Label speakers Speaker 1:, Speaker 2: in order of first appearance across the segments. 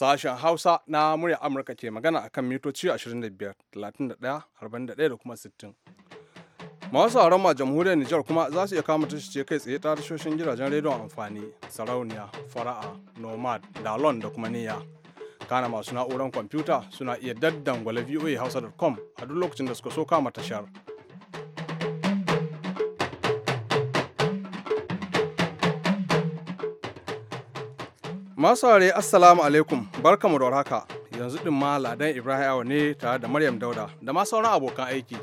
Speaker 1: Sashen Hausa na murya Amurka ke magana akan mitoci 25, 31, 41 da kuma 60. Masu sauran ma jamhuriyar Nijar kuma za su iya kama tashoce kai tsaye ta tashoshin gidajen rediyon amfani, sarauniya, fara'a, nomad, dalon da kuma niyya. Kana masu na'urar kwamfuta suna iya daddan daddangwale hausa.com a duk lokacin da suka so kama tashar. Masu Assalamu alaikum barkamu da haka yanzu din ma Ladan Ibrahim ne tare da Maryam Dauda da ma sauran abokan aiki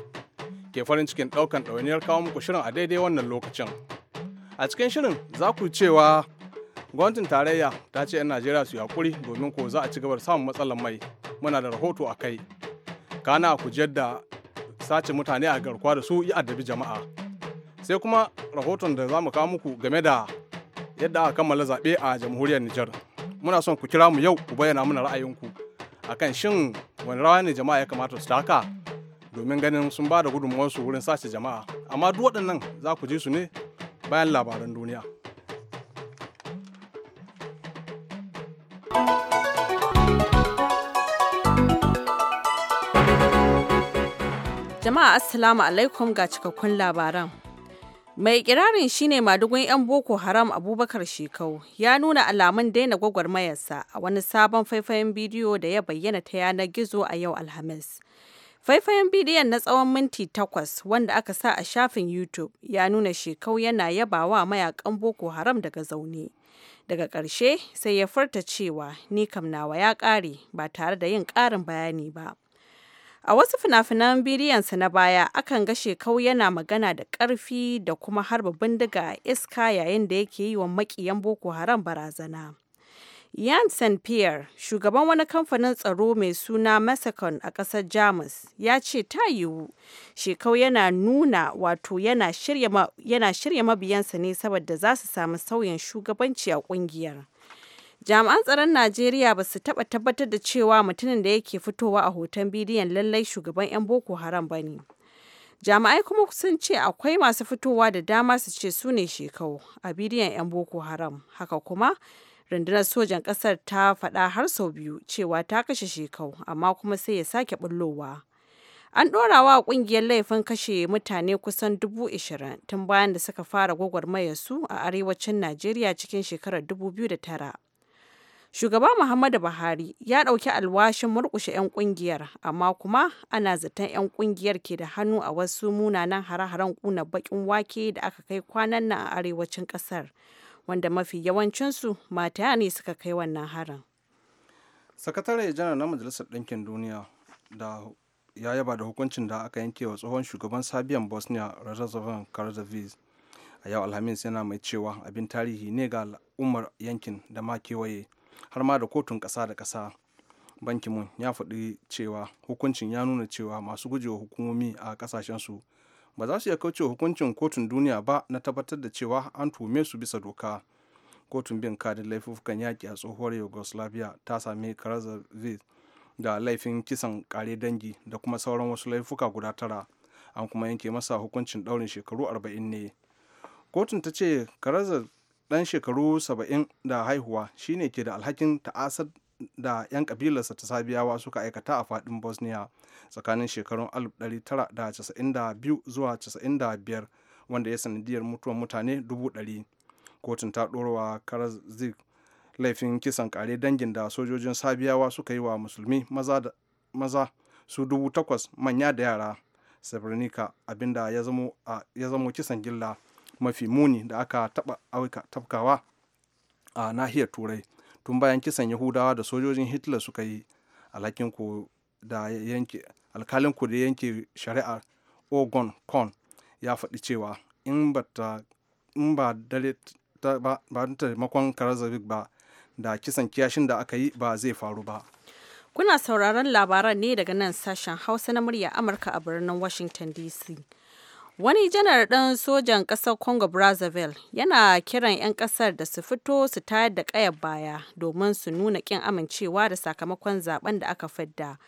Speaker 1: ke farin cikin ɗaukan ɗawainiyar kawo muku shirin a daidai wannan lokacin. A cikin shirin za ku cewa gwamnatin tarayya ta ce 'yan Najeriya su yaƙuri domin ko za a ci gaba da samun matsalar mai muna da rahoto a kai. Kana ku da sace mutane a garkuwa da su yi addabi jama'a. Sai kuma rahoton da za mu kawo muku game da yadda aka kammala zaɓe a jamhuriyar Nijar. Muna son ku kira mu yau ku bayyana mana ra'ayinku akan shin wani rawa ne jama'a ya kamata su taka domin ganin sun ba da su wurin sace jama'a. Amma duk waɗannan za ku ji su ne bayan labaran duniya.
Speaker 2: Jama'a Assalamu alaikum ga cikakkun labaran. Mai kirarin shine madugun 'yan Boko Haram Abubakar Shekau ya nuna alamun daina gwagwarmayarsa a wani sabon faifayen bidiyo da ya bayyana ta yanar gizo a yau Alhamis. Faifayen bidiyon na tsawon minti takwas wanda aka sa a shafin YouTube ya nuna shekau yana yabawa mayakan Boko Haram daga zaune. Daga ƙarshe sai ya furta cewa ni kam nawa ya ƙare ba tare da yin ƙarin bayani ba. A wasu fina-finan bidiyonsa na baya, akan ga Shekau yana magana da ƙarfi da kuma harba bindiga a iska yayin da yake yi wa makiyan Boko Haram barazana. Yan St. Pierre, shugaban wani kamfanin tsaro mai suna Massacon a ƙasar Jamus, ya ce ta yiwu shekau yana nuna wato yana shirya mabiyansa ne saboda za su samu sauyin shugabanci a ƙungiyar. Jami'an tsaron Najeriya ba su taɓa tabbatar da cewa mutumin da yake fitowa a hoton bidiyon lallai shugaban 'yan Boko Haram ba ne. Jami'ai kuma sun ce akwai masu fitowa da dama su ce su ne shekau a bidiyon 'yan Boko Haram. Haka kuma rundunar sojan ƙasar ta faɗa har sau biyu cewa ta kashe shekau amma kuma sai ya sake bullowa An ɗora wa ƙungiyar laifin kashe mutane kusan dubu ishirin tun bayan da suka fara gwagwarmaya su a arewacin Najeriya cikin shekarar 2009. Shugaba Muhammadu Buhari ya ɗauki alwashin murƙushe 'yan ƙungiyar, amma kuma ana zaton 'yan ƙungiyar ke da hannu a wasu munanan hare-haren ƙuna baƙin wake da aka kai kwanan nan a arewacin ƙasar, wanda mafi yawancinsu mata ne suka kai wannan harin.
Speaker 1: Sakatare janar na Majalisar Ɗinkin Duniya da ya yaba da hukuncin da aka yanke wa tsohon shugaban Sabiyan Bosnia Razavan karzavis a yau Alhamis yana mai cewa abin tarihi ne ga al'ummar yankin da ma kewaye. har ma da kotun ƙasa da ƙasa bankin mun ya faɗi cewa hukuncin ya nuna cewa masu gujewa hukumomi a ƙasashensu ba za su iya kaucewa hukuncin kotun duniya ba na tabbatar da cewa an tume su bisa doka kotun bin kadin laifukan yaƙi a tsohuwar yugoslavia ta sami karazavic da laifin kisan kare dangi da kuma sauran wasu laifuka guda tara an kuma yanke masa hukuncin daurin shekaru arba'in ne kotun ta ce karazar dan shekaru saba'in da haihuwa shine ke da alhakin ta'asar da 'yan kabilarsa ta sabiyawa suka aikata a fadin bosnia tsakanin shekarun 1992 zuwa 95 wanda ya sanadiyar mutuwar mutane 100 kotun ta ɗorawa karazik laifin kisan kare dangin da sojojin sabiyawa suka yi wa musulmi maza su 8,000 manya da yara srebrenica abinda ya zamo kisan gilla mafi muni da aka taba tafkawa a nahiyar turai tun bayan kisan yahudawa da sojojin hitler suka yi alhakin ko da yanke alkalin ku da yanke shari'ar ogon con ya faɗi cewa in ba ta in ba dare ba makon karazavic ba da kisan kiyashin da aka yi ba zai faru ba
Speaker 2: kuna sauraron labaran ne daga nan sashen hausa na murya amurka a birnin washington dc Wani janar ɗin sojan ƙasar Congo Brazzaville yana kiran 'yan ƙasar da su fito su tayar da ƙayar baya domin su nuna ƙin amincewa da sakamakon zaben da aka fidda,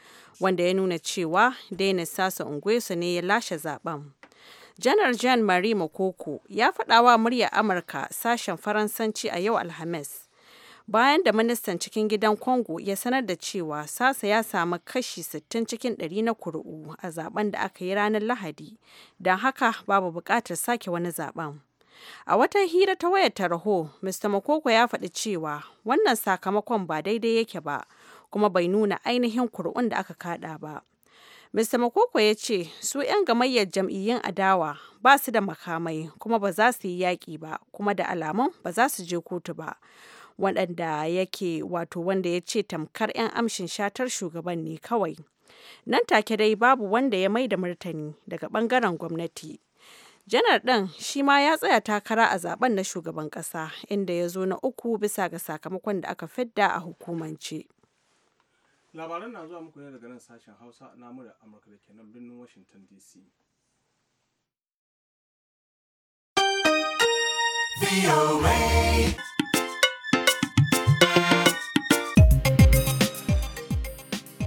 Speaker 2: wanda ya nuna cewa daina sasa su ne ya lashe zaben. Janar Jean Marie Makoko ya faɗawa muryar Amurka sashen Faransanci a yau Alhamis. bayan da ministan cikin gidan congo ya sanar da cewa sasa ya samu kashi 60 cikin 100 na kuri'u a zaben da aka yi ranar lahadi don haka babu bukatar sake wani zaben a wata hira ta wayar taraho mr makoko ya faɗi cewa wannan sakamakon ba daidai yake ba kuma bai nuna ainihin kuri'un da aka kada ba Mr. Makoko ya ce su 'yan gamayyar jam'iyyun adawa ba su da makamai kuma ba za su yi yaƙi ba kuma da alamun ba za su je kotu ba. waɗanda yake wato wanda ya ce tamkar 'yan amshin shatar shugaban ne kawai nan take dai babu wanda ya mai da martani daga ɓangaren gwamnati janar ɗin shi ma ya tsaya takara a zaben na shugaban ƙasa inda ya zo na uku bisa ga sakamakon da aka fidda a hukumance
Speaker 1: labaran na zuwa muku ne daga nan sashen hausa na da amurka da ke nan birnin washington dc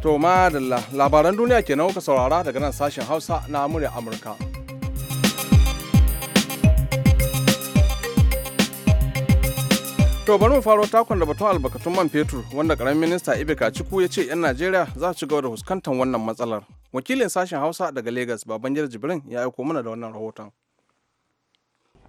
Speaker 1: To da labaran duniya kenan kuka saurara daga nan sashen Hausa na muryar Amurka. To mu faro takon da batun albarkatun man fetur wanda karamin minista Ibe Kaciku ya ce 'yan Najeriya za su ci gaba da fuskantar wannan matsalar. Wakilin sashen Hausa daga Lagos Babangida Jibrin ya aiko mana da wannan rahoton.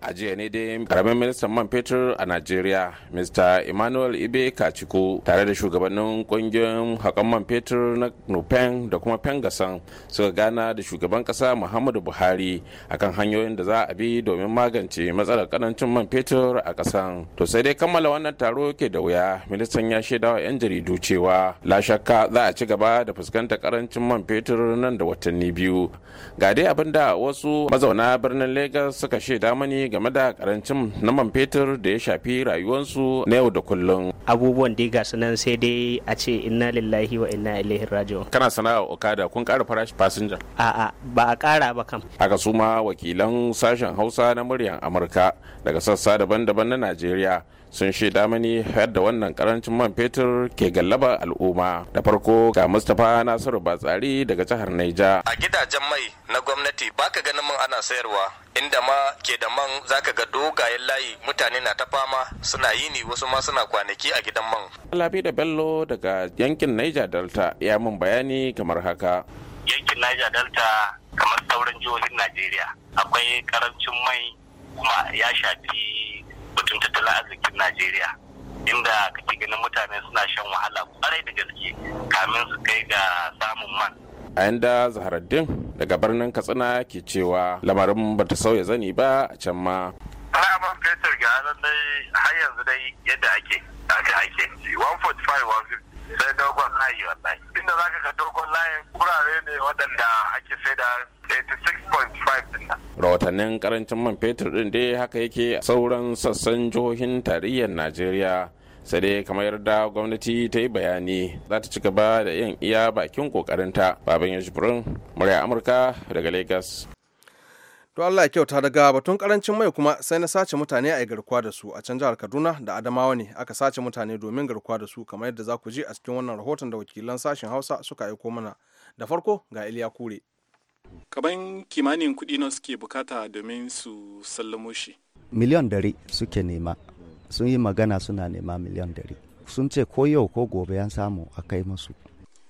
Speaker 3: a jiya ne dai karamin ministan man fetur a najeriya mr emmanuel ibe kaciku tare da shugabannin kungiyoyin hakan man fetur na nupen da kuma pengasan suka gana da shugaban kasa muhammadu buhari akan hanyoyin da za a bi domin magance matsalar karancin man fetur a kasan to sai dai kammala wannan taro ke da wuya ministan ya shaida wa 'yan jaridu cewa la shakka za a ci gaba da fuskantar karancin man fetur nan da watanni biyu ga dai abin da wasu mazauna birnin lagos suka shaida mani game da karancin na man fetur da ya shafi
Speaker 4: rayuwarsu na yau
Speaker 3: da kullum
Speaker 4: abubuwan dai ga nan sai dai a ce inna lillahi wa inna ilaihi raji'un
Speaker 3: kana sana'a okada kun ƙara farashi fasinja
Speaker 4: a'a ba a ƙara ba kam
Speaker 3: haka su ma wakilan sashen hausa na muryar amurka daga sassa daban-daban na najeriya sun shaida mani da wannan karancin man fetur ke gallaba al'umma da farko ga mustapha nasiru batsari daga jihar naija a gidajen mai na gwamnati baka ganin mun ana sayarwa inda ma ke da man zaka ga dogayen layi mutane na ta fama suna yi ne wasu ma suna kwanaki a gidan man. Labi da Bello daga yankin Niger Delta ya mun bayani kamar haka. Yankin Niger Delta kamar sauran jihohin Najeriya
Speaker 5: akwai karancin mai kuma ya shafi mutum tattalin arzikin
Speaker 3: Najeriya inda kake ganin mutane suna shan wahala kwarai da gaske kamin su kai ga samun man. a yanda zaharaddin daga birnin katsina ke cewa lamarin bata sauya zani ba a can ma a'a fetur ga halin dai har yanzu
Speaker 5: dai yadda ake aka ake 145 sai dogon layi
Speaker 3: wallahi inda
Speaker 5: zaka ga dogon layin kurare ne waɗanda ake sai da 86.5
Speaker 3: din rahotannin karancin man fetur din dai haka yake sauran sassan jihohin tarayyar najeriya sai dai kamar yarda gwamnati ta yi bayani za ta ci gaba da yin iya bakin kokarin kokarinta baban yashifurin murya amurka daga lagos
Speaker 1: to allah kyauta daga batun karancin mai kuma sai na sace mutane a yi garkuwa da su a can jihar kaduna da adamawa ne aka sace mutane domin garkuwa da su kamar yadda za ku ji a cikin wannan rahoton da wakilan sashen hausa suka aiko mana da farko ga iliya kure kaban kimanin kuɗi na suke bukata domin su sallamo shi
Speaker 6: miliyan dare suke nema sun yi magana suna nema miliyan dari sun ce ko yau ko gobe ya samu a kai masu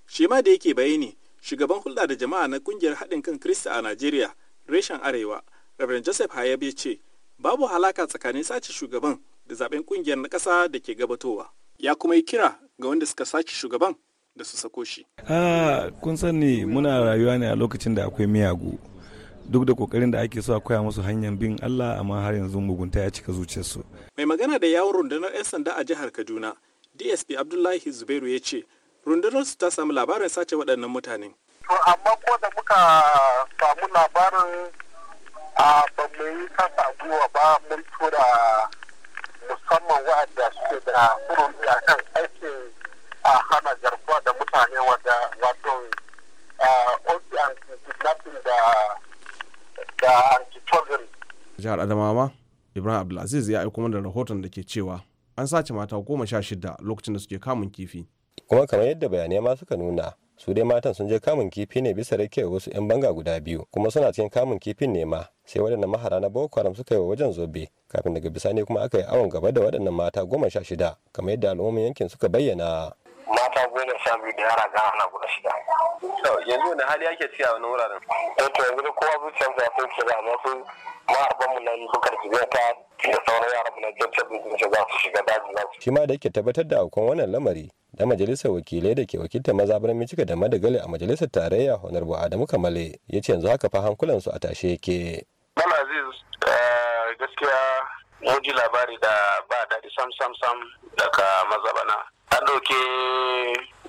Speaker 7: shi ma da yake bayani shugaban hulɗa da jama'a na kungiyar haɗin kan krista a najeriya reshen arewa reverend joseph hayabe ce babu halaka tsakanin sace shugaban da zaben kungiyar na ƙasa da ke gabatowa ya kuma yi kira ga wanda suka sace shugaban da su sako shi.
Speaker 5: Ah, kun sani muna rayuwa ne a lokacin da akwai miyagu duk da kokarin da ake so a koya musu hanyar bin Allah amma har yanzu mugunta ya cika zuciyarsu.
Speaker 7: Mai magana da yawon rundunar 'yan sanda a jihar Kaduna, DSP Abdullahi Zubairu ya ce, rundunar su ta samu labarin sace waɗannan mutane. To amma ko
Speaker 5: da muka samu labarin a ba yi kasa guwa ba mun tura musamman wa'anda suke da furuci ya kan aikin a hana garkuwa da mutane wadda
Speaker 3: wato ocean da da
Speaker 1: Antitorial. Jihar Adamawa, Ibrahim Abdulaziz ya aiko mana rahoton da ke cewa an sace mata goma sha shida lokacin da suke kamun kifi.
Speaker 8: Kuma kamar yadda bayanai ma suka nuna, su dai matan sun je kamun kifi ne bisa rake wasu 'yan banga guda biyu kuma suna cikin kamun kifin ne ma sai waɗannan mahara na boko haram suka yi wa wajen zobe kafin daga bisani kuma aka yi awon gaba da waɗannan mata goma sha shida kamar yadda al'ummin yankin suka bayyana mata goma sha biyu da yara na guda shida. yanzu wani hali ake ciki a wani wuraren? eh to yanzu ne kowa zuciyar da sun shiga amma su mu na yi bukar ta da sauran yara mu na jabtar da za su shiga dajin za su. shi ma da yake tabbatar da akwai wannan lamari da majalisar wakilai da ke wakiltar Maza, michigan da madagali a majalisar tarayya honorable adamu kamale ya ce yanzu haka fa hankulan su a tashe yake. Bala
Speaker 3: Aziz eh, gaskiya mun ji labari da ba daɗi sam
Speaker 5: sam sam daga mazabana. an ɗauke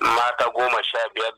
Speaker 5: mata goma sha biyar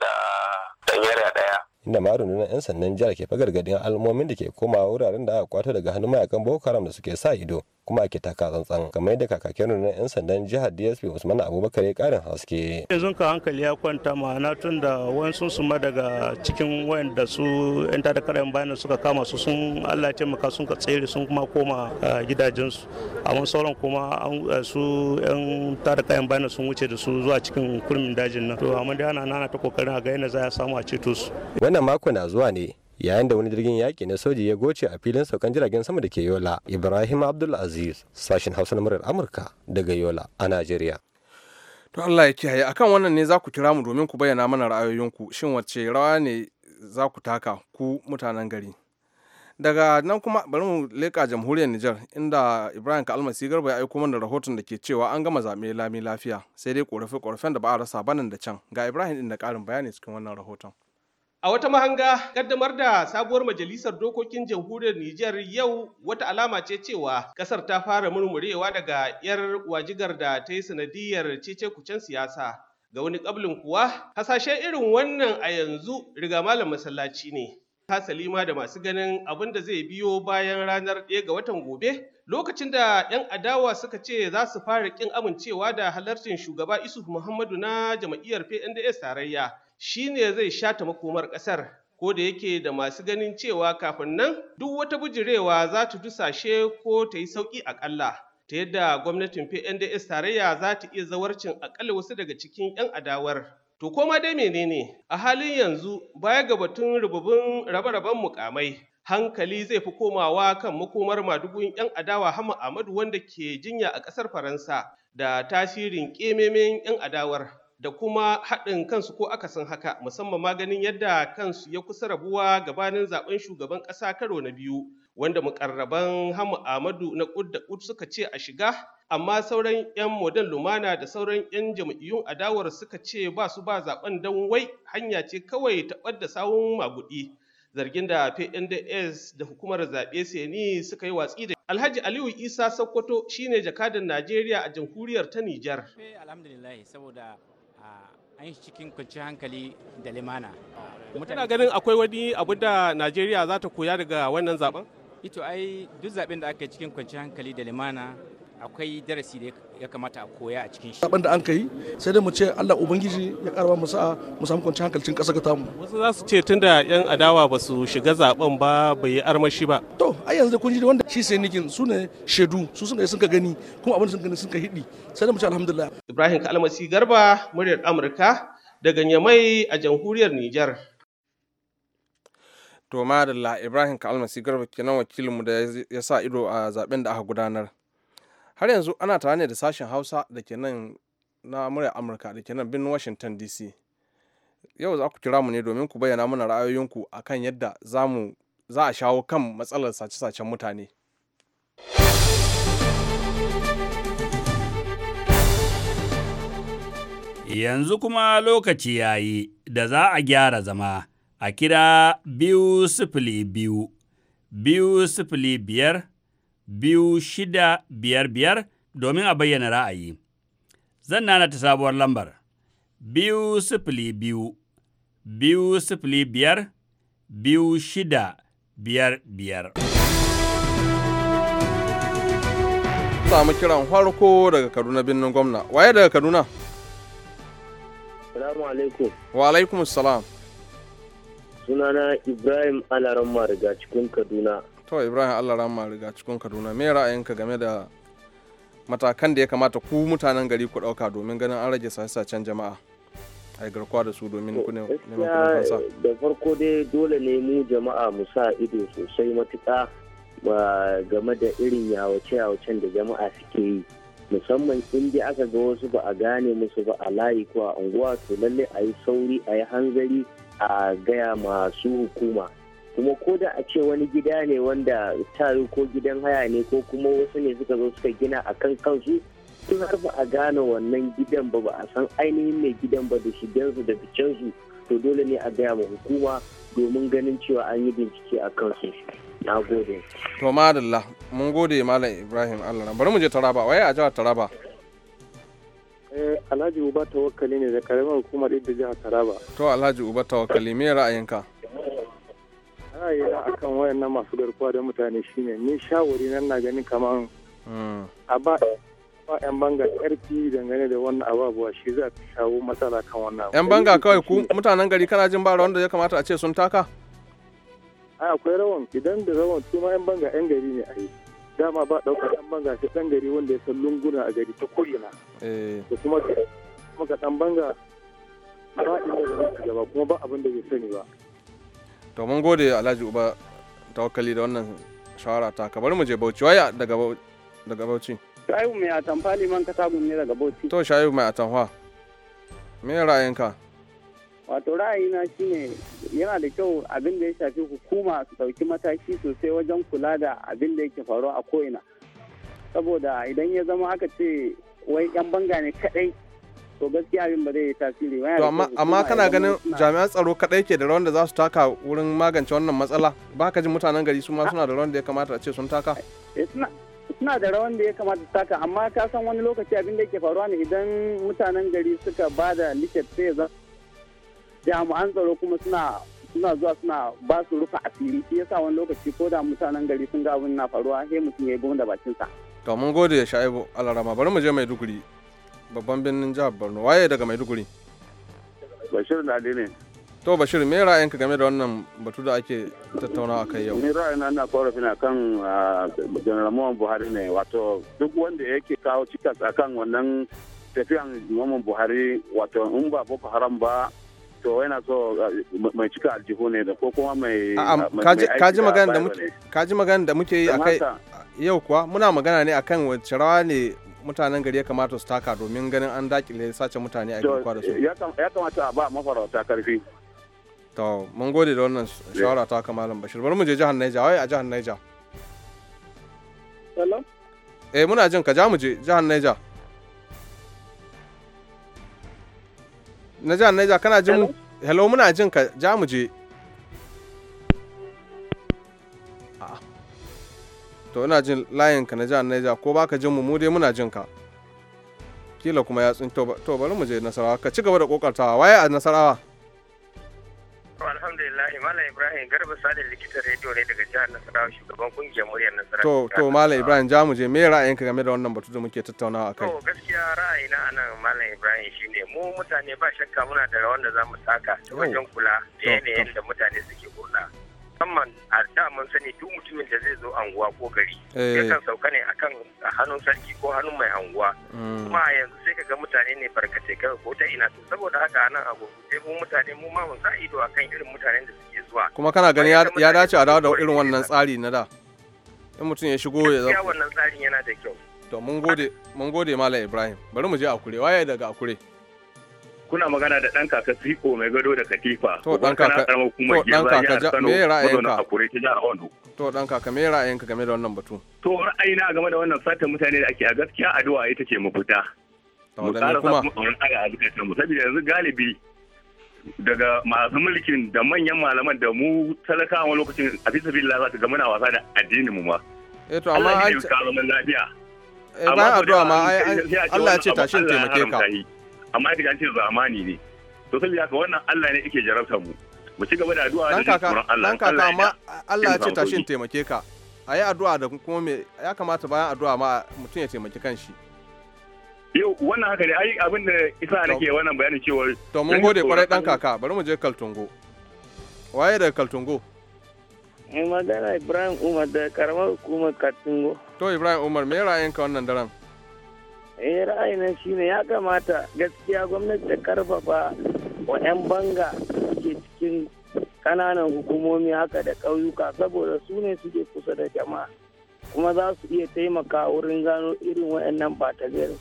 Speaker 8: da ya ɗaya. Inda ma rundunar 'yan sandan jihar ke fagargadin al'ummomin da ke komawa wuraren da aka kwato daga hannun mayakan Boko Haram da suke sa ido kuma ake taka tsantsan kamar yadda kakakin rundunar 'yan sandan jihar dsp usman abubakar ya karin haske
Speaker 5: yanzu ka hankali ya kwanta ma'ana tun da wayansu su ma daga cikin wayanda su 'yan tada bayanan suka kama su sun allah ya taimaka sun ka tsere sun kuma koma gidajensu amma sauran kuma su
Speaker 8: 'yan tada karayen bayanan sun wuce da su zuwa cikin kurmin dajin nan to amma dai ana nana ta kokarin a ga yadda za a samu a ceto su wannan mako na zuwa ne yayin da wani jirgin yaƙi na soji ya goce a filin saukan jiragen sama da ke yola ibrahim abdulaziz sashen hausa na murar amurka daga yola a nigeria.
Speaker 1: to allah ya kiyaye akan wannan ne za ku kira mu domin ku bayyana mana ra'ayoyinku shin wacce rawa ne za ku taka ku mutanen gari daga nan kuma bari mu leƙa jamhuriyar Nijar inda Ibrahim Kalmasi Garba ya aiko mana rahoton da ke cewa an gama zaɓe lami lafiya sai dai ƙorafe-ƙorafen da ba a rasa banan da can ga Ibrahim ɗin da ƙarin bayani cikin wannan rahoton.
Speaker 7: A wata mahanga kaddamar da sabuwar majalisar dokokin jamhuriyar Nijar yau wata alama ce cewa kasar ta fara murmurewa daga 'yar wajigar da ta yi sanadiyar cece kucen siyasa. Ga wani ƙablin kuwa, hasashen irin wannan a yanzu riga malam masallaci ne. Ta Salima da masu ganin abin da zai biyo bayan ranar ɗaya ga watan gobe lokacin da 'yan adawa suka ce za su fara ƙin amincewa da halarcin shugaba Isuf Muhammadu na jam'iyyar PNDS tarayya shine zai shata makomar ƙasar ko da yake da masu ganin cewa kafin nan duk wata bujirewa za ta dusashe ko ta yi sauƙi aƙalla ta yadda gwamnatin PNDS tarayya za ta iya zawarcin aƙalla wasu daga cikin 'yan adawar. To koma dai menene a halin yanzu baya ga batun rububin rabe-raben mukamai hankali zai fi komawa kan makomar madugun 'yan adawa hama amadu wanda ke jinya a ƙasar Faransa da tasirin ƙememen 'yan adawar da kuma haɗin kansu ko akasin haka musamman maganin yadda kansu ya kusa rabuwa gabanin zaben shugaban ƙasa karo na biyu wanda mukarraban hamu amadu na ƙud da ƙud suka ce a shiga amma sauran 'yan modan lumana da sauran 'yan jam'iyyun adawar suka ce ba su ba zaben don wai hanya ce kawai ta ɓadda sawun maguɗi zargin da PNDS da hukumar zaɓe Seni suka yi watsi da Alhaji Aliyu Isa Sokoto shine jakadan Najeriya a jamhuriyar ta Nijar.
Speaker 3: Eh, alhamdulillah saboda an yi cikin kwanci
Speaker 5: hankali da limana.
Speaker 7: Mutane ganin akwai wani abu da Najeriya za ta koya daga wannan zaben?
Speaker 4: Ito ai duk zaben da aka yi cikin kwanciyar hankali da limana akwai darasi da ya kamata a koya a cikin shi.
Speaker 1: Zaben da an kai sai dai mu ce Allah Ubangiji ya karba mu sa'a mu samu kwanciyar hankalcin ƙasa ta mu.
Speaker 7: Wasu za su ce tunda yan adawa ba su shiga zaben ba bai yi armashi ba.
Speaker 1: To ai yanzu kun ji wanda shi sai nikin su ne shaidu su sun sun ka gani kuma abin sun gani sun ka hidi
Speaker 7: sai dai mu ce alhamdulillah. Ibrahim Kalmasi Garba muryar Amurka daga Nyamai a
Speaker 1: jamhuriyar Nijar. To madalla Ibrahim Kalmasi Garba kenan wakilinmu da ya sa ido a zaben da aka gudanar. har yanzu ana tare ne da sashen hausa da ke nan na murya amurka da ke nan birnin washington dc yau za ku kira mu ne domin ku bayyana mana ra'ayoyinku akan yadda za za a shawo kan matsalar sace-sacen mutane
Speaker 5: yanzu kuma lokaci ya yi da za a gyara zama a kira biyu sifili biyu biyu sifili biyar biyu shida biyar biyar domin a bayyana ra'ayi. Zan nana ta sabuwar lambar biyu sifili biyu, biyu sifili biyar, biyu shida biyar biyar. samu kiran farko daga Kaduna
Speaker 1: birnin gwamna. Waye daga Kaduna?
Speaker 5: Salamu alaikum.
Speaker 1: Wa alaikum salam.
Speaker 5: Sunana Ibrahim Alaramma daga cikin Kaduna.
Speaker 1: kawai ibrahim allah rama riga cikin kaduna me ra'ayinka game da matakan da ya kamata ku mutanen gari ku ɗauka domin ganin an rage sace-sacen jama'a a garkuwa da su domin ku ne da
Speaker 5: farko dai dole ne mu jama'a mu sa ido sosai matuƙa game da irin yawace-yawacen da jama'a suke yi musamman in dai aka ga wasu ba a gane musu ba a layi ko a unguwa to lalle a yi sauri a yi hanzari a gaya masu hukuma kuma ko da a ce wani gida ne wanda taru ko gidan haya ne ko kuma wasu ne suka zo suka gina a kan kansu tun har ba a gane wannan gidan ba ba a san ainihin mai gidan ba da shigensu da ficensu to dole ne a gaya ma hukuma domin ganin cewa an yi bincike a kansu na gode
Speaker 1: to madalla mun gode malam ibrahim allah bari mu je taraba waye a jihar taraba
Speaker 5: eh, alhaji uba tawakkali ne da karamar hukumar idda jihar taraba
Speaker 1: to alhaji uba tawakkali me ra'ayinka
Speaker 5: ra'ayina akan wayannan masu garkuwa da mutane shine ni shawari nan na ganin kaman hmm. a ba ba yan banga karfi dangane da wannan ababuwa shi za ta shawo matsala kan wannan yan banga kawai ku
Speaker 1: mutanen gari kana jin ba rawan da ya kamata a ce sun taka
Speaker 5: a akwai rawan idan da rawan su ma yan banga yan gari ne a yi dama ba ɗaukar yan banga sai ɗan gari wanda ya san lunguna a gari ta ko'ina
Speaker 3: eh.
Speaker 1: da
Speaker 5: kuma ka ɗan banga ba inda da gaba kuma ba abin da bai sani ba
Speaker 1: to mun gode alhaji uba tawakkali da wannan shawara ta ka bari mu je bauchi waya daga bauchi
Speaker 5: shayu mai atamfa liman katagun ne daga bauchi
Speaker 1: to shayu mai atamfa me ra'ayinka
Speaker 5: wato ra'ayina shine yana da kyau abin da ya shafi hukuma su ɗauki mataki sosai wajen kula da abin da yake faruwa a ko'ina saboda idan ya zama aka ce wai yan banga ne kadai to gaskiya abin ba zai yi tasiri ba to amma kana ganin
Speaker 1: jami'an tsaro kadai ke da rawan da za su taka wurin magance wannan matsala ba ka ji mutanen gari su ma suna da rawan da ya kamata a ce sun taka
Speaker 5: eh, suna da rawan da ya kamata taka amma ka san wani lokaci abin da ke faruwa ne idan mutanen gari suka ba da liket sai za jami'an tsaro kuma suna suna zuwa suna ba su rufa asiri shi yasa wani lokaci ko da mutanen gari sun ga abin na faruwa sai mutum ya yi da bakinsa.
Speaker 1: to mun gode ya sha'ibu alarama bari mu je maiduguri babban birnin jihar borno waye daga maiduguri
Speaker 5: bashir na ne
Speaker 1: to bashir me ra'ayinka game da wannan batu da ake tattauna a kai yau ni
Speaker 5: ra'ayina na korafi na kan general muhammadu buhari ne wato duk wanda yake kawo cikas akan wannan tafiyan muhammadu buhari wato in ba boko haram ba to yana so mai cika aljihu ne da ko kuma mai
Speaker 1: kaji magana da muke yi a kai yau kuwa muna magana ne akan wacce rawa ne mutanen gari ya kamata su taka domin ganin an dakile sace mutane a gaba da su ya
Speaker 5: kamata a ba mafarauta karfi
Speaker 1: to mun gode da wannan shawara ta kamalan bashir bari mu je jihar naija wai a jihar naija hello eh muna jin ka ja mu je jihar naija na jihar naija kana jin hello muna jin ka ja mu je to ina jin layinka na jihar Niger ko baka jin mu mu dai muna jin ka kila kuma ya tsinto to bari mu je nasarawa ka ci gaba da kokartawa waye a nasarawa
Speaker 5: alhamdulillah malam ibrahim garba sadin likitan rediyo ne daga jihar nasarawa shugaban kungiyar muryar nasarawa to to malam ibrahim ja
Speaker 1: mu je me ra'ayinka game da wannan batu da muke tattaunawa akai to
Speaker 5: gaskiya ra'ayina anan malam ibrahim shine mu mutane ba shakka muna da rawar da zamu saka wajen kula da yanayin da mutane suke kula musamman a da mun sani duk mutumin da zai zo anguwa ko gari eh. yakan sauka ne akan hannun sarki ko hannun mai anguwa mm. kuma a yanzu sai kaga mutane ne barkatai kai ko ta ina saboda haka a nan a sai mu mutane mu ma mun sa ido akan irin mutanen da suke zuwa
Speaker 1: kuma kana gani ya dace a dawo da irin wannan tsari na da in mutum ya shigo ya zama
Speaker 5: wannan tsarin yana da kyau
Speaker 1: to mun gode mun gode malam Ibrahim bari mu je Akure waye daga Akure
Speaker 5: kuna magana da ɗan kaka Siko mai gado da Katifa. To ɗan kaka to ɗan kaka me ya ra'ayinka?
Speaker 1: To ɗan kaka me ya ra'ayinka game da wannan batu?
Speaker 5: To ra'ayina game da wannan fatan mutane da ake a gaskiya addu'a ita ce mafita. Mu ƙara sa mu tsoron Allah a zukatan mu saboda yanzu galibi daga masu mulkin da manyan malaman da mu talakawa lokacin a fi sabi za ta gama wasa da addinin mu ma. Eh to amma ai. Eh, Allah ya ce tashin taimake ka. amma ya ce zamani ne to ya ka wannan Allah ne yake jarabta mu mu ci gaba da addu'a da tsoron Allah dan kaka amma Allah ya ce tashin
Speaker 1: taimake ka ayi addu'a da kuma me ya kamata bayan addu'a ma mutum ya taimaki kanshi
Speaker 5: yau wannan haka ne ai abin da isa nake wannan bayanin cewa to mun gode kwarai dan kaka
Speaker 1: bari mu je kaltungo waye daga kaltungo
Speaker 5: ibrahim umar da karamar hukumar kaltungo to ibrahim umar me
Speaker 1: ra'ayinka wannan daren
Speaker 5: eh ra'ayin shine ya kamata gaskiya gwamnati ta karfafa wa 'yan banga suke cikin kananan hukumomi haka da ƙauyuka saboda su ne suke kusa da jama'a kuma za su iya taimaka wurin gano irin waɗannan gari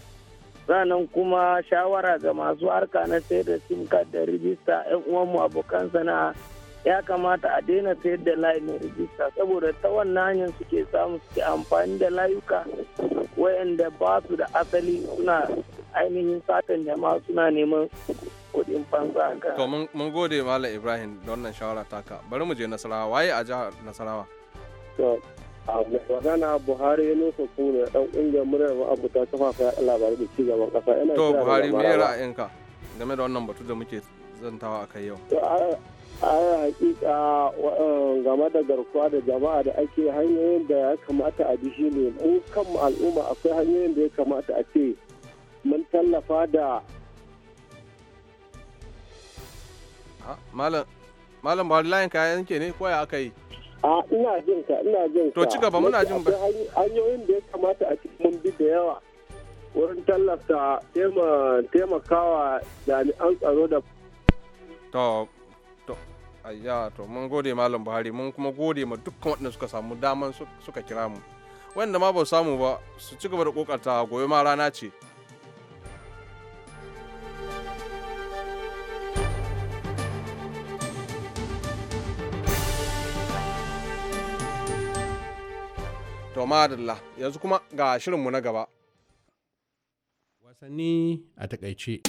Speaker 5: sannan kuma shawara ga masu harka na sayar da sim card da rijista 'yan uwanmu abokan sana'a ya kamata a daina sayar da layi mai rijista saboda ta wannan hanyar suke samu suke amfani da layuka wayanda ba su da asali suna ainihin satan jama'a suna neman kudin fansa haka. To
Speaker 1: mun gode Malam Ibrahim da wannan shawara taka bari mu je Nasarawa waye a jihar Nasarawa.
Speaker 5: To a magana Buhari ya nufa kuna dan ƙungiyar muryar ma'abuta kafafen labarai da cigaban ƙasa. To
Speaker 1: Buhari me ra'ayinka game da wannan batu da muke zantawa a kai yau?
Speaker 5: a hakika eh, game da garkuwa da jama'a da ake hanyoyin da ya kamata a bishi ne mu kan al'umma akwai hanyoyin da ya kamata a ce mun tallafa da
Speaker 1: malam ba layin ka yanke ne ya aka yi
Speaker 5: a ina jin ka ina jin ka to ci gaba muna jin ba hanyoyin da ya kamata a cikin mun bi da yawa wurin tallafta taimakawa jami'an tsaro da
Speaker 1: to ayya to mun gode malam buhari mun kuma gode ma dukkan waɗanda suka samu daman suka kira mu wanda ma ba samu ba su ci gaba da kokarta goyo ma rana ce to madalla yanzu kuma ga shirinmu na gaba
Speaker 6: wasanni a takaice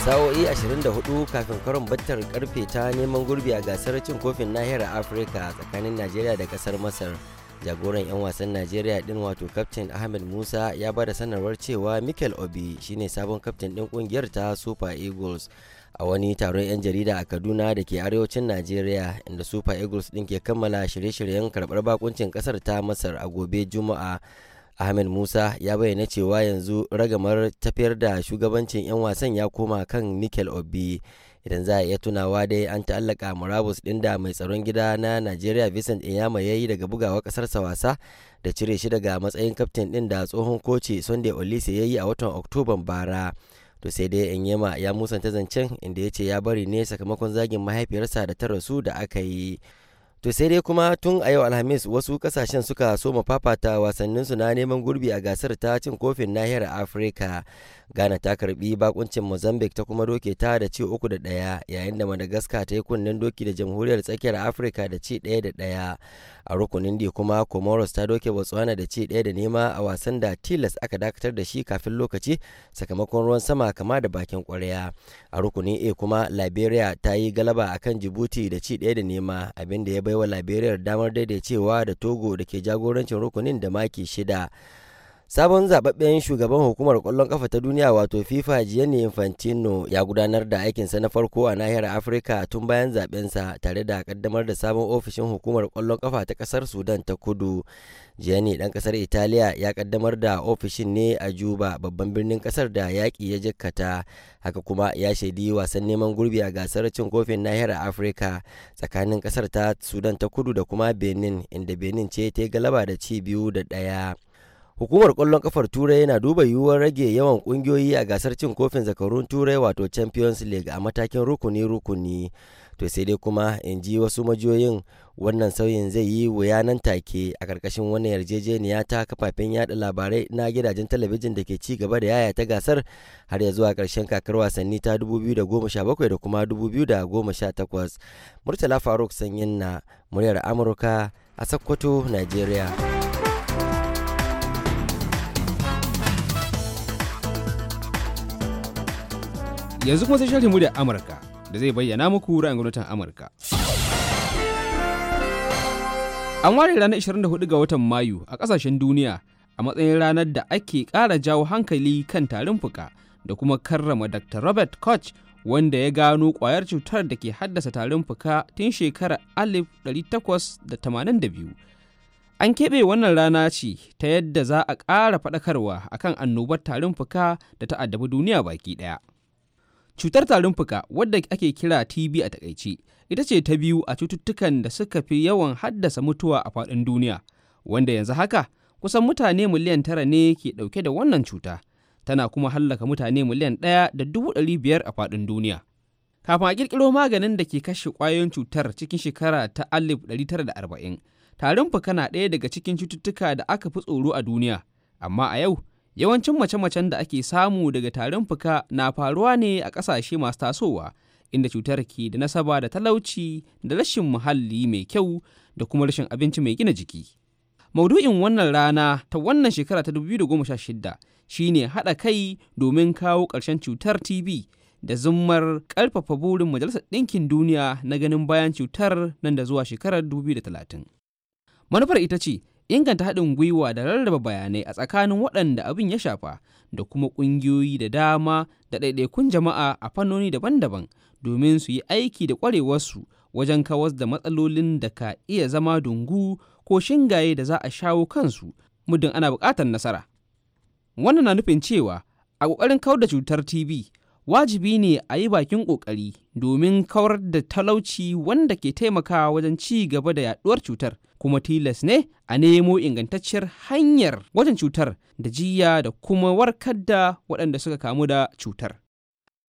Speaker 6: sa'o'i 24 kafin karon battar karfe ta neman gurbi a gasar cin kofin nahiyar afirka tsakanin najeriya da kasar masar jagoran 'yan wasan najeriya din wato kaftin ahmed musa ya ba da sanarwar cewa michael obi shine sabon kaftin din kungiyar ta super eagles a wani taron 'yan jarida a kaduna da ke arewacin najeriya inda super eagles din ke kammala shirye-shiryen karbar bakuncin kasar ta masar a gobe juma'a ahmed musa ya bayyana cewa yanzu ragamar tafiyar da shugabancin 'yan wasan ya koma kan nickel obi idan za a iya tunawa dai an ta'allaka murabus din da mai tsaron gida na Najeriya vincent inyama ya yi daga bugawa kasarsa wasa da cire shi daga matsayin kaftin din da tsohon koci sunday olise ya yi a watan oktoban bara to sai dai inyama ya musanta zancen inda ya ce ya bari ne sakamakon zagin mahaifiyarsa da ta rasu da aka yi To sai dai kuma tun a yau Alhamis wasu kasashen suka so soma fafata wasannin su na neman gurbi a gasar ta cin kofin nahiyar Afirka. Ghana ta karbi bakuncin Mozambique ta kuma doke ta da ci uku da daya yayin da Madagascar ta yi kunnen doki da jamhuriyar tsakiyar Afirka da ci daya da daya A rukunin D kuma Comoros ta doke Botswana da ci daya da nema a wasan da tilas aka dakatar da shi kafin lokaci sakamakon ruwan sama kama da bakin ƙwarya. A rukunin A kuma Liberia ta yi galaba akan Djibouti da ci ɗaya da nema abin da ya baiwa liberia damar daidaicewa da togo da ke jagorancin rukunin da maki shida sabon zababben shugaban hukumar kwallon kafa ta duniya wato fifa gianni infantino ya gudanar da aikinsa na farko a nahiyar afirka tun bayan zabensa tare da kaddamar da sabon ofishin hukumar kwallon kafa ta kasar sudan ta kudu gianni dan kasar italiya ya kaddamar da ofishin ne a juba babban birnin kasar da yaƙi ya jikkata haka kuma ya shaidi wasan neman gurbi a gasar cin kofin nahiyar afirka tsakanin kasar ta sudan ta kudu da kuma benin inda benin ce ta galaba da ci biyu da ɗaya Hukumar kwallon kafar Turai na duba yiwuwar rage yawan kungiyoyi a gasar cin kofin zakarun Turai wato Champions League a matakin rukuni-rukuni. To sai dai kuma in ji wasu majiyoyin wannan sauyin zai yi wuya nan take a karkashin wannan yarjejeniya ta kafafen yada labarai na gidajen talabijin da ke ci gaba da yaya ta gasar har ya zuwa karshen kakar wasanni ta 2017 da kuma 2018 murtala faruk sanyin na muryar amurka a sakkwato nigeria
Speaker 4: Yanzu kuma sai shirin muryar Amurka da zai bayyana muku ra'ayin gwamnatin Amurka. An ware ranar 24 ga watan Mayu a ƙasashen duniya a matsayin ranar da ake ƙara jawo hankali kan tarin fuka da kuma karrama Dr. Robert Koch wanda ya gano kwayar cutar da ke haddasa tarin fuka tun shekarar 1882. An keɓe wannan rana ce ta yadda za a ƙara faɗakarwa akan annobar tarin fuka da ta addabi duniya baki ɗaya. Cutar tarin fuka wadda ake kira TB a takaice ita ce ta biyu a cututtukan da suka fi yawan haddasa mutuwa a faɗin duniya wanda yanzu haka kusan mutane miliyan tara ne ke ɗauke da wannan cuta tana kuma hallaka mutane miliyan ɗaya da dubu ɗari biyar a faɗin duniya. Kafin a ƙirƙiro maganin da ke kashe ƙwayoyin cutar cikin shekara ta alif ɗari tara da arba'in tarin fuka na ɗaya daga cikin cututtuka da aka fi tsoro a duniya amma a yau Yawancin mace-macen da ake samu daga tarin fuka na faruwa ne a ƙasashe masu tasowa, inda cutar ke da nasaba da talauci da rashin muhalli mai kyau da kuma rashin abinci mai gina jiki. Maudu'in wannan rana ta wannan shekara ta 2016 shine haɗa kai domin kawo ƙarshen cutar TB da zummar ƙarfafa burin Majalisar Ɗinkin Duniya na ganin bayan cutar nan da zuwa shekarar 2030. Manufar ita ce inganta haɗin gwiwa da rarraba bayanai a tsakanin waɗanda abin ya shafa da kuma ƙungiyoyi da dama da ɗaiɗaikun jama'a a fannoni daban-daban domin su yi aiki da ƙwarewarsu wajen kawar da matsalolin da ka iya zama dungu ko shingaye da za a shawo kansu muddin ana buƙatar nasara. Wannan na nufin cewa a ƙoƙarin kawar da cutar tv. wajibi ne a yi bakin ƙoƙari domin kawar da talauci wanda ke taimaka wajen ci gaba da yaduwar cutar kuma tilas ne a nemo ingantacciyar hanyar wajen cutar da jiya da kuma warkar da waɗanda suka kamu da cutar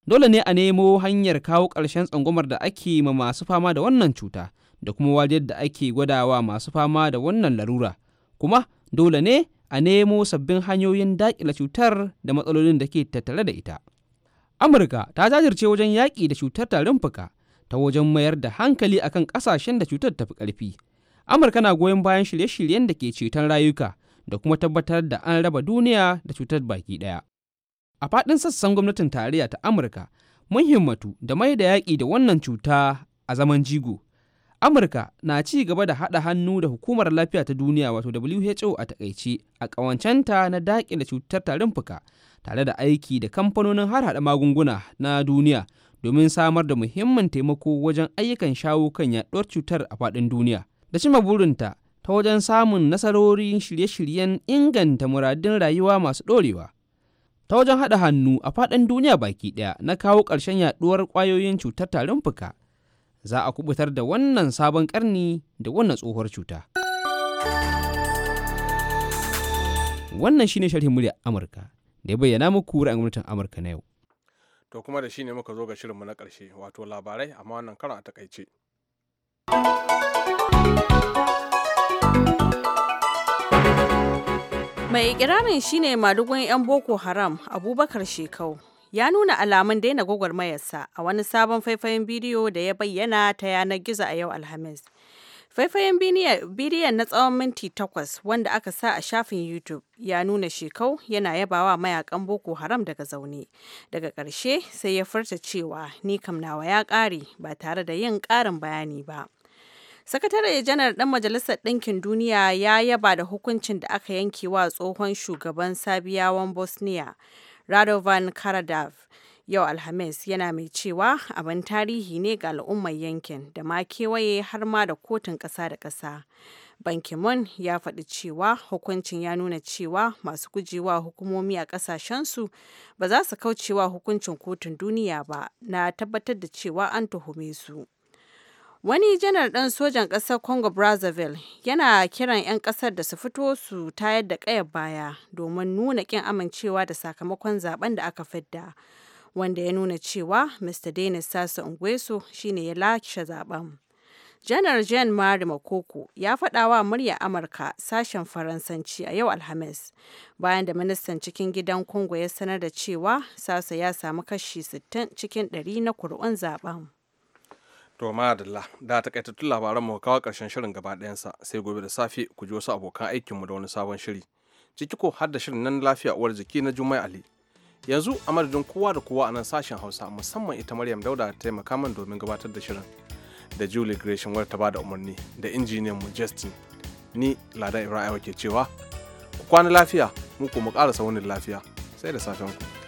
Speaker 4: dole ne a nemo hanyar kawo ƙarshen tsangwamar da ake ma masu fama da wannan cuta da kuma wajen da ake gwadawa masu fama da wannan larura kuma dole ne a nemo sabbin hanyoyin daƙila cutar da matsalolin da ke tattare da ita amurka ta jajirce wajen yaƙi da cutar tarin fuka ta wajen mayar da hankali akan ƙasashen da cutar ta fi ƙarfi amurka na goyon bayan shirye-shiryen da ke ceton rayuka da kuma tabbatar da an raba duniya da cutar baki ɗaya a faɗin sassan gwamnatin tarayya ta amurka mun himmatu da mai da yaƙi da wannan cuta a zaman jigo amurka na ci gaba da haɗa hannu da hukumar lafiya ta duniya wato who a takaice a ƙawancenta na daƙile cutar tarin fuka tare da aiki da kamfanonin harhaɗa magunguna na duniya domin samar da muhimmin taimako wajen ayyukan shawo kan yaɗuwar cutar a faɗin duniya da cima burinta ta wajen samun nasarorin shirye-shiryen inganta muradin rayuwa masu ɗorewa ta wajen haɗa hannu a faɗin duniya baki ɗaya na kawo ƙarshen yaɗuwar ƙwayoyin cutar tarin fuka za a kubutar da wannan sabon ƙarni da wannan tsohuwar cuta wannan shine sharhin murya amurka da ya bayyana muku ra'ayin gwamnatin amurka na yau
Speaker 1: to kuma da shi ne muka zo ga shirinmu na ƙarshe wato labarai amma wannan karan a takaice
Speaker 2: mai ikirarin shine madugun 'yan boko haram abubakar shekau ya nuna alamun daina gwagwarmayarsa a wani sabon faifayen bidiyo da ya bayyana ta yanar gizo a yau alhamis Faifayen bidiyon na tsawon minti takwas wanda aka sa a shafin YouTube ya nuna shekau yana yabawa mayakan Boko Haram daga zaune. Daga ƙarshe sai ya furta cewa ni kam nawa ya ƙare ba tare da yin ƙarin bayani ba. Sakatare janar ɗan Majalisar Ɗinkin Duniya ya yaba da hukuncin da aka yanke wa tsohon shugaban Sabiyawan Bosnia, Radovan Karadav. yau alhamis yana mai cewa abin tarihi ne ga al'ummar yankin da ma kewaye har ma da kotun ƙasa da ƙasa bankimun ya faɗi cewa hukuncin ya nuna cewa masu gujewa hukumomi a ƙasashensu ba za su kaucewa hukuncin kotun duniya ba na tabbatar da cewa an tuhume su wani janar ɗan sojan ƙasar congo brazzaville yana kiran 'yan ƙasar da su fito su tayar da ƙayar baya domin nuna ƙin amincewa da sakamakon zaben da aka fidda wanda ya nuna cewa Mr. dennis Sassa Nguesso shine ya lashe zaben. janar jean marie makoko ya faɗa wa murya amurka sashen faransanci a yau alhamis bayan da ministan cikin gidan congo ya sanar da cewa sasa ya samu kashi 60 cikin 100 na kuri'un zaben
Speaker 1: to madalla da tattun labaran mu kawo karshen shirin gaba ɗayansa sai gobe da safe ku ji wasu abokan aikinmu da wani sabon shiri ciki ko har da shirin nan lafiya uwar jiki na jummai ali yanzu a madadin kowa da kowa a nan sashen hausa musamman ita maryam dauda ta taimaka min domin gabatar da shirin da julie gresham wadda ta bada umarni da injiniyan mu justin ni lada ibrahim ke cewa ku kwana lafiya mu kuma ƙarasa wani lafiya sai da safen ku